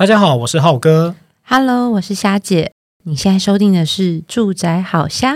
大家好，我是浩哥。哈嘍，我是蝦姊。你現在收聽的是《住宅好瞎》。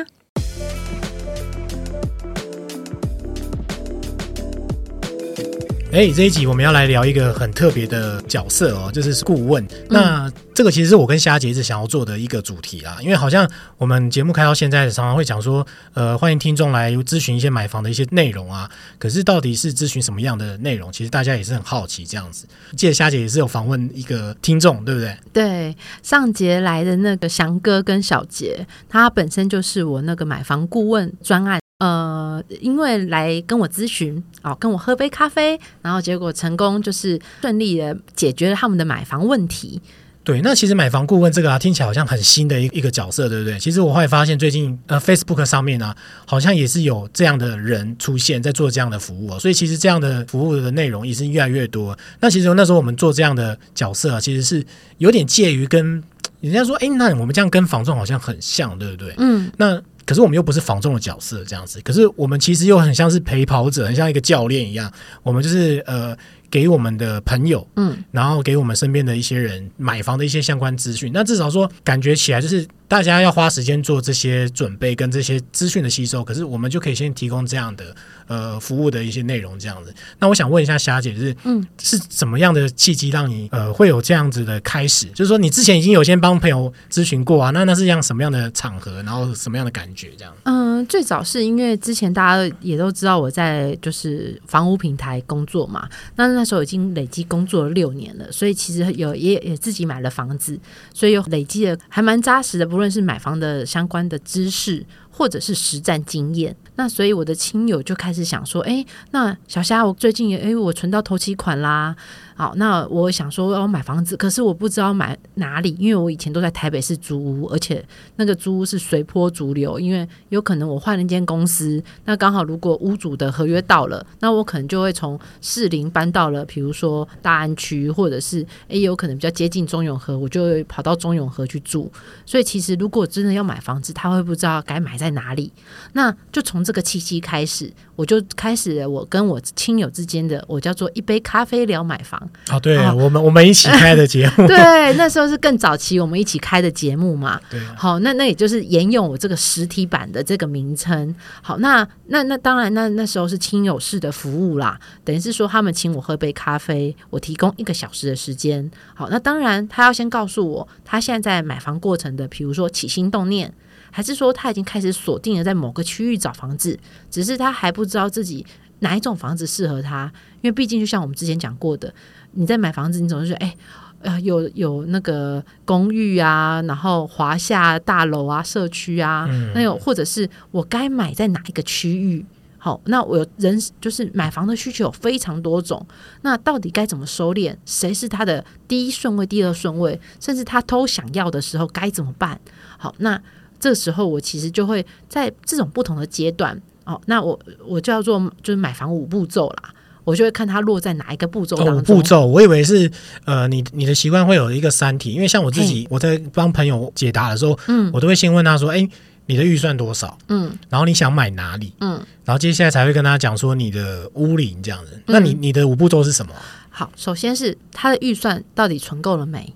誒、欸，這一集我們要來聊一個很特別的角色哦、喔，就是顧問、嗯。那這個其實是我跟蝦姐一直想要做的一個主題啊，因為好像我們節目開到現在，常常會講說，呃，歡迎聽眾來諮詢一些買房的一些內容啊。可是到底是諮詢什麼樣的內容，其實大家也是很好奇這樣子。記得蝦姐也是有訪問一個聽眾，對不對？對，上節來的那個翔哥跟小杰，他本身就是我那個買房顧問專案。呃，因為來跟我諮詢，哦，跟我喝杯咖啡，然後結果成功，就是順利的解決了他們的買房問題。對，那其實買房顧問這個啊，聽起來好像很新的一個角色，對不對？其實我會發現，最近呃，Facebook 上面啊，好像也是有這樣的人出現在做這樣的服務、啊，所以其實這樣的服務的內容也是越來越多。那其實那時候我們做這樣的角色、啊，其實是有點介於跟人家說，哎、欸，那我們這樣跟房仲好像很像，對不對？嗯，那。可是我們又不是房仲的角色這樣子，可是我們其實又很像是陪跑者，很像一個教練一樣，我們就是呃。給我們的朋友，嗯，然後給我們身邊的一些人買房的一些相關資訊。那至少說感覺起來就是大家要花時間做這些準備跟這些資訊的吸收。可是我們就可以先提供這樣的呃服務的一些內容，這樣子。那我想問一下蝦姊，就是嗯是怎麼樣的契機讓你呃會有這樣子的開始？就是說你之前已經有先幫朋友諮詢過啊？那那是一樣什麼樣的場合？然後什麼樣的感覺？這樣？嗯，最早是因為之前大家也都知道我在就是房屋平台工作嘛，那。那時候已經累積工作了六年了，所以其實有也也自己買了房子，所以有累積的還蠻扎實的，不論是買房的相關的知識，或者是實戰經驗，那所以我的親友就開始想說，哎、欸，那小蝦我最近哎、欸，我存到頭期款啦，好，那我想說要我買房子，可是我不知道買哪裡，因為我以前都在台北市租屋，而且那個租屋是隨波逐流，因為有可能我換了一間公司，那剛好如果屋主的合約到了，那我可能就會從士林搬到了，比如說大安區，或者是哎、欸、有可能比較接近中永和，我就跑到中永和去住，所以其實如果真的要買房子，他會不知道該買在。在哪裡？那就從這個契機開始，我就開始了我跟我親友之間的我叫做一杯咖啡聊買房哦，對哦，我們我們一起開的節目。 對，那時候是更早期我們一起開的節目嘛。對啊。好，那那也就是沿用我這個實體版的這個名稱。好，那那那當然，那那時候是親友式的服務啦。等於是說，他們請我喝杯咖啡，我提供一個小時的時間。好，那當然他要先告訴我他現在在買房過程的，比如說起心動念。還是說他已經開始鎖定了在某個區域找房子，只是他還不知道自己哪一種房子適合他。因為畢竟就像我們之前講過的，你在買房子，你總是說：“哎，呃，有有那個公寓啊，然後華廈大樓啊，社區啊，那有或者是我該買在哪一個區域？”好、哦，那我人就是買房的需求有非常多種，那到底該怎麼收斂？誰是他的第一順位、第二順位？甚至他都想要的時候該怎麼辦？好、哦，那。這時候我其實就會在這種不同的階段哦，那我我就要做就是買房五步驟啦，我就會看它落在哪一個步驟哦。五步驟，我以為是呃，你你的習慣會有一個三體，因為像我自己，我在幫朋友解答的時候，嗯，我都會先問他說：“哎，你的預算多少？”嗯，然後你想買哪裡？嗯，然後接下來才會跟他講說你的屋齡這樣子。嗯、那你你的五步驟是什麼？好，首先是他的預算到底存夠了沒？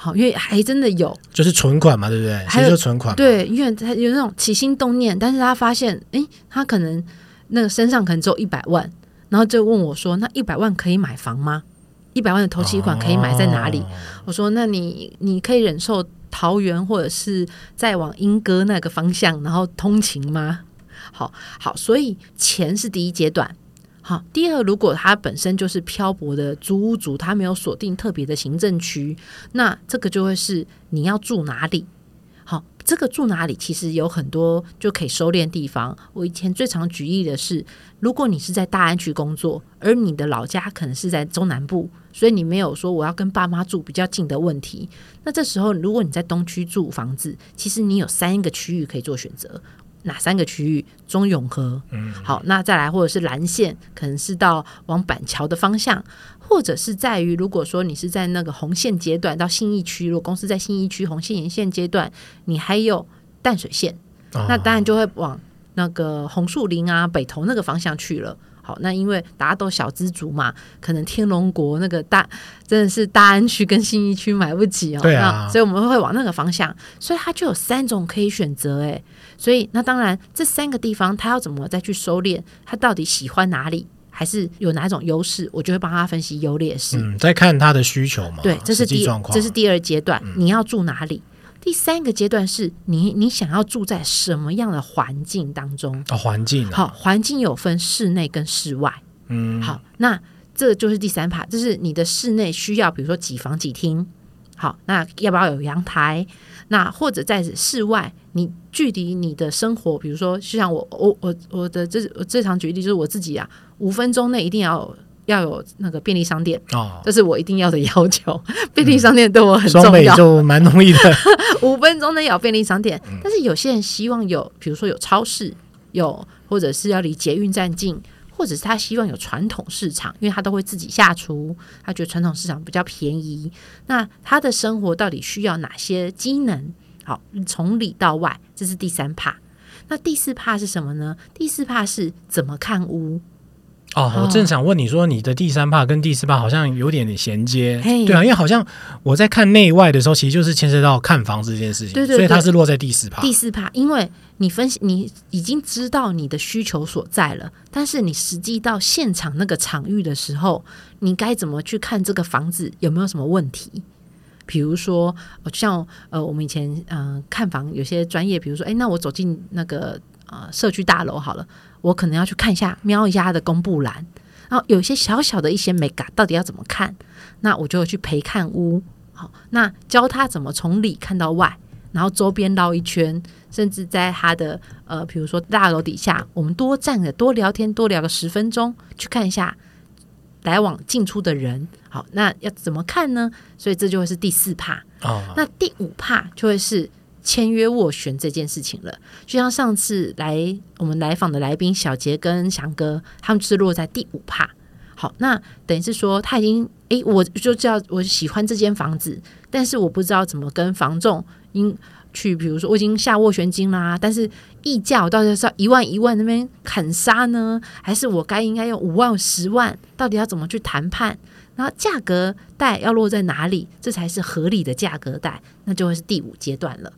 好，因為還真的有，就是存款嘛，對不對？還其實就是存款。對，因為他有那種起心動念，但是他發現，哎、欸，他可能那個身上可能只有一百萬，然後就問我說，那一百萬可以買房嗎？一百萬的頭期款可以買在哪裡？哦、我說，那你你可以忍受桃園或者是再往鶯歌那個方向，然後通勤嗎？好，好，所以錢是第一階段。好，第二，如果他本身就是漂泊的租屋族，他沒有鎖定特別的行政區，那這個就會是你要住哪裡？好，這個住哪裡其實有很多就可以收斂的地方。我以前最常舉例的是，如果你是在大安區工作，而你的老家可能是在中南部，所以你沒有說我要跟爸媽住比較近的問題。那這時候，如果你在東區住房子，其實你有三個區域可以做選擇。哪三個區域？中永和，嗯，好，那再來或者是藍線，可能是到往板橋的方向，或者是在於，如果說你是在那個紅線階段到信義區，如果公司在信義區紅線沿線階段，你還有淡水線，那當然就會往那個紅樹林啊、北投那個方向去了。好，那因為大家都小資族嘛，可能天龍國那個大真的是大安區跟信義區買不起哦、喔，對啊那，所以我們會往那個方向，所以它就有三種可以選擇、欸，哎。所以，那當然，這三個地方他要怎麼再去收斂？他到底喜歡哪裡，還是有哪種優勢？我就會幫他分析優劣勢。嗯，再看他的需求嘛。對，這是第一，這是第二階段、嗯，你要住哪裡？第三個階段是你你想要住在什麼樣的環境當中？啊、哦，環境、啊、好，環境有分室內跟室外。嗯，好，那這就是第三 part，這是你的室內需要，比如說幾房幾廳？好，那要不要有陽台？那或者在室外，你距離你的生活，比如說，就像我我我我的這我這場舉例，就是我自己啊，五分鐘內一定要有要有那個便利商店哦，這是我一定要的要求。嗯、便利商店對我很重要，就蠻容易的。五 分鐘內有便利商店，嗯，但是有些人希望有，比如說有超市，有或者是要離捷運站近。或者是他希望有傳統市場，因為他都會自己下廚，他覺得傳統市場比較便宜。那他的生活到底需要哪些機能？好，從裡到外，這是第三 part。那第四 part 是什麼呢？第四 part 是怎麼看屋？哦，我正想問你說，你的第三趴跟第四趴好像有點點銜接。哦，對啊，因為好像我在看內外的時候，其實就是牽涉到看房子這件事情，對對對，所以它是落在第四趴。第四趴，因為你分析你已經知道你的需求所在了，但是你實際到現場那個場域的時候，你該怎麼去看這個房子有沒有什麼問題？比如說，像呃，我們以前嗯、呃、看房有些專業，比如說，哎，那我走進那個啊、呃、社區大樓好了。我可能要去看一下，瞄一下他的公布欄，然後有些小小的一些美感，到底要怎麼看？那我就去陪看屋，好，那教他怎麼從裡看到外，然後周邊繞一圈，甚至在他的呃，比如說大樓底下，我們多站着多聊天，多聊個十分鐘，去看一下來往進出的人。好，那要怎麼看呢？所以這就會是第四怕，哦。那第五怕就會是簽約斡旋這件事情了，就像上次來我們來訪的來賓小杰跟翔哥，他們是落在第五帕。好，那等於是說他已經哎，我就知道我喜歡這間房子，但是我不知道怎麼跟房仲應去，比如說我已經下斡旋金啦，啊，但是議價我到底是要一萬一萬那邊砍殺呢，還是我該應該用五萬十萬？到底要怎麼去談判？然後價格帶要落在哪裡？這才是合理的價格帶，那就會是第五階段了。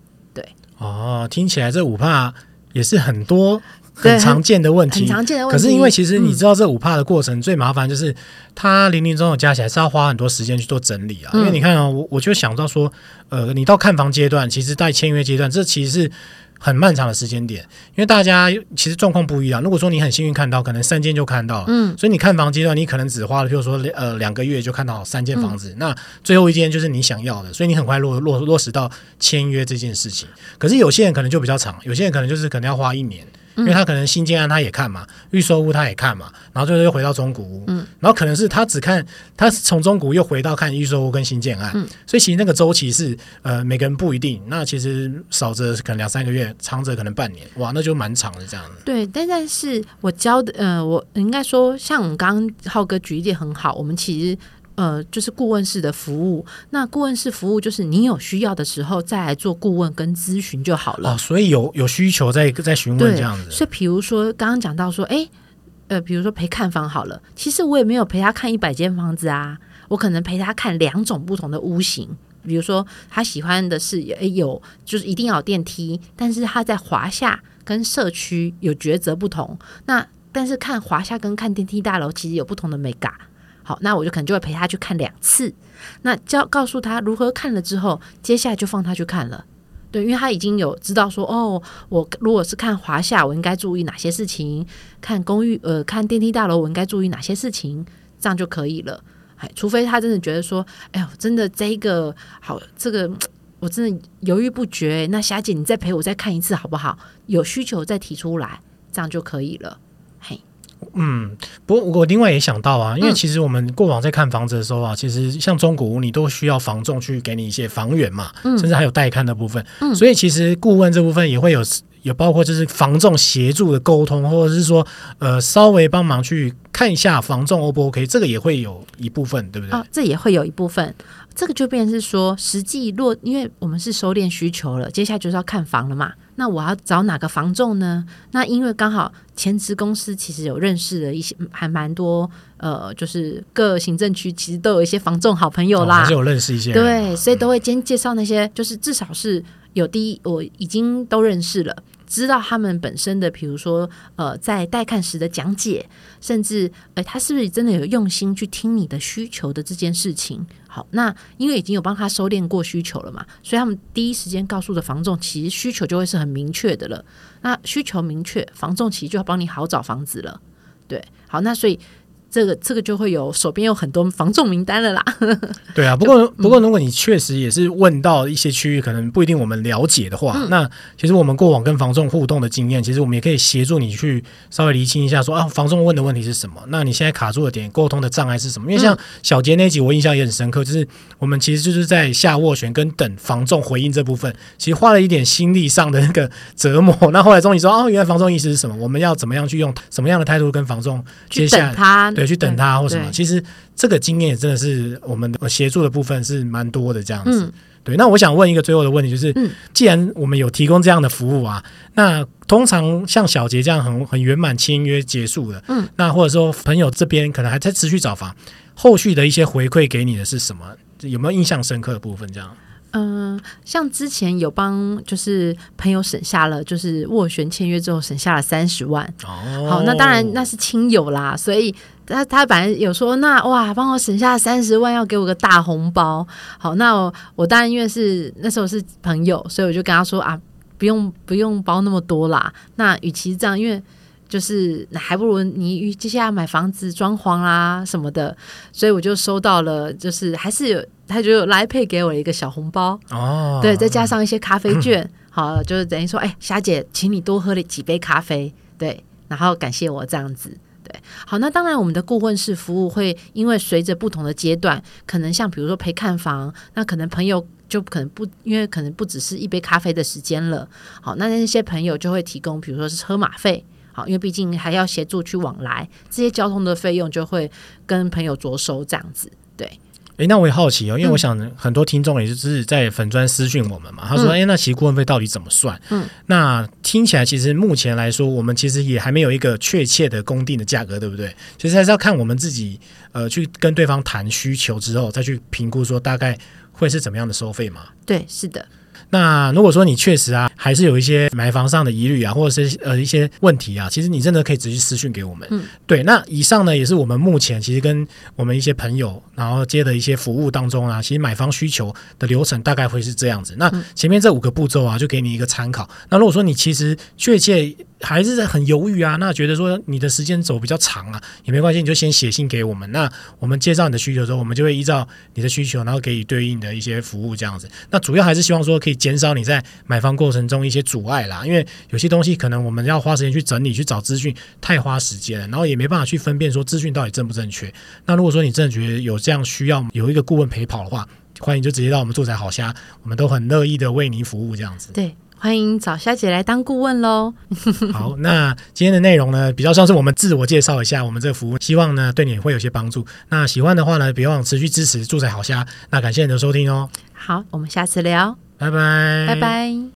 哦，聽起來這五怕也是很多很常，很，很常見的問題，可是因為其實你知道，這五怕的過程、嗯、最麻煩就是它林林總總加起來是要花很多時間去做整理啊。嗯、因為你看啊、哦，我我就想到說，呃，你到看房階段，其實在簽約階段，這其實是。很漫長的時間點，因為大家其實狀況不一樣。如果說你很幸運看到，可能三間就看到了，嗯，所以你看房階段，你可能只花了，譬如說呃兩個月就看到三間房子，嗯，那最後一間就是你想要的，所以你很快落落落實到簽約這件事情。可是有些人可能就比較長，有些人可能就是可能要花一年。因為他可能新建案他也看嘛，預、嗯、售屋他也看嘛，然後最後又回到中古屋、嗯，然後可能是他只看他從中古又回到看預售屋跟新建案、嗯，所以其實那個周期是呃每個人不一定，那其實少則可能兩三個月，長則可能半年，哇，那就蠻長的這樣子。對，但但是我教的，呃，我應該說像我們剛剛浩哥舉例很好，我們其實。呃，就是顧問式的服務。那顧問式服務就是你有需要的時候再來做顧問跟諮詢就好了。哦，所以有有需求再再詢問這樣子。所以，比如說剛剛講到說，哎、欸，呃，比如說陪看房好了，其實我也沒有陪他看一百間房子啊，我可能陪他看兩種不同的屋型。比如說他喜歡的是、欸、有就是一定要有電梯，但是他在華廈跟社區有抉擇不同。那但是看華廈跟看電梯大樓其實有不同的美感。好，那我就可能就會陪他去看兩次，那教告訴他如何看了之後，接下來就放他去看了，對，因為他已經有知道說，哦，我如果是看華廈，我應該注意哪些事情？看公寓，呃，看電梯大樓，我應該注意哪些事情？這樣就可以了。哎，除非他真的覺得說，哎呦，真的這個好，這個我真的猶豫不決。那蝦姊，你再陪我再看一次好不好？有需求再提出來，這樣就可以了。嗯，不過我另外也想到啊，因為其實我們過往在看房子的時候啊，嗯、其實像中古屋，你都需要房仲去給你一些房源嘛，嗯、甚至還有帶看的部分。嗯，所以其實顧問這部分也會有，有包括就是房仲協助的溝通，或者是說呃稍微幫忙去看一下房仲 O 不 OK，這個也會有一部分，對不對？啊，這也會有一部分。這個就變成是說，實際落，因為我們是收斂需求了，接下來就是要看房了嘛。那我要找哪個房仲呢？那因為剛好前職公司其實有認識的一些，還蠻多。呃，就是各行政區其實都有一些房仲好朋友啦，其實、哦、有認識一些。對，所以都會先介紹那些、嗯，就是至少是有第一，我已經都認識了。知道他們本身的，比如說，呃，在帶看時的講解，甚至，哎、欸，他是不是真的有用心去聽你的需求的這件事情？好，那因為已經有幫他收斂過需求了嘛，所以他們第一時間告訴的房仲，其實需求就會是很明確的了。那需求明確，房仲其實就要幫你好找房子了。對，好，那所以。這個這個就會有手邊有很多房仲名單了啦。 對啊，不過、嗯、不過如果你確實也是問到一些區域，可能不一定我們了解的話、嗯，那其實我們過往跟房仲互動的經驗，其實我們也可以協助你去稍微釐清一下說，說啊，房仲問的問題是什麼？那你現在卡住的點，溝通的障礙是什麼？因為像小杰那集，我印象也很深刻，就是我們其實就是在下斡旋跟等房仲回應這部分，其實花了一點心力上的那個折磨。那後，後來終於說，哦、啊，原來房仲意思是什麼？我們要怎麼樣去用什麼樣的態度跟房仲？接下來他。有去等他或什麼？其實這個經驗也真的是我們協助的部分是蠻多的這樣子，嗯。對，那我想問一個最後的問題，就是既然我們有提供這樣的服務啊，嗯、那通常像小杰這樣很很圓滿簽約結束的，嗯，那或者說朋友這邊可能還在持續找房，後續的一些回饋給你的是什麼？有沒有印象深刻的部分？這樣，嗯、呃，像之前有幫就是朋友省下了，就是斡旋簽約之後省下了三十萬哦。好，那當然那是親友啦，所以。他他本來有說，那哇，幫我省下三十萬，要給我個大紅包。好，那我我當然因為是那時候是朋友，所以我就跟他說啊，不用不用包那麼多啦。那與其這樣，因為就是還不如你接下來買房子裝潢啦、啊、什麼的。所以我就收到了，就是還是有他就有來配給我一個小紅包哦，oh. 對，再加上一些咖啡券，好，就是等於說，哎、欸，蝦姊，請你多喝了幾杯咖啡，對，然後感謝我這樣子。對，好，那當然，我們的顧問式服務會因為隨着不同的階段，可能像比如說陪看房，那可能朋友就可能不，因為可能不只是一杯咖啡的時間了。好，那那些朋友就會提供，比如說是車馬費，好，因為畢竟還要協助去往來，這些交通的費用就會跟朋友酌收這樣子，對。誒，那我也好奇哦，因為我想很多聽眾也是在粉專私訊我們嘛，嗯，他說：“誒，那其實顧問費到底怎麼算？”嗯，那聽起來其實目前來說，我們其實也還沒有一個確切的、公定的價格，對不對？其實還是要看我們自己，呃，去跟對方談需求之後，再去評估說大概會是怎麼樣的收費嘛。對，是的。那如果說你確實啊。還是有一些買房上的疑慮啊，或者是呃一些問題啊，其實你真的可以直接私訊給我們，嗯。對，那以上呢也是我們目前其實跟我們一些朋友然後接的一些服務當中啊，其實買房需求的流程大概會是這樣子。那前面這五個步驟啊，就給你一個參考，嗯。那如果說你其實確切還是很猶豫啊，那覺得說你的時間走比較長啊，也沒關係，你就先寫信給我們。那我們介紹你的需求的時候，我們就會依照你的需求，然後給予對應的一些服務這樣子。那主要還是希望說可以減少你在買房過程中一些阻礙啦，因為有些東西可能我們要花時間去整理、去找資訊，太花時間了，然後也沒辦法去分辨說資訊到底正不正確。那如果說你真的覺得有這樣需要有一個顧問陪跑的話，歡迎就直接到我們住宅好瞎，我們都很樂意的為您服務這樣子。對，歡迎找蝦姊來當顧問嘍。 好，那今天的內容呢，比較像是我們自我介紹一下我們這個服務，希望呢對你會有些幫助。那喜歡的話呢，別忘了持續支持住宅好瞎。那感謝你的收聽哦。好，我們下次聊，拜拜，拜拜。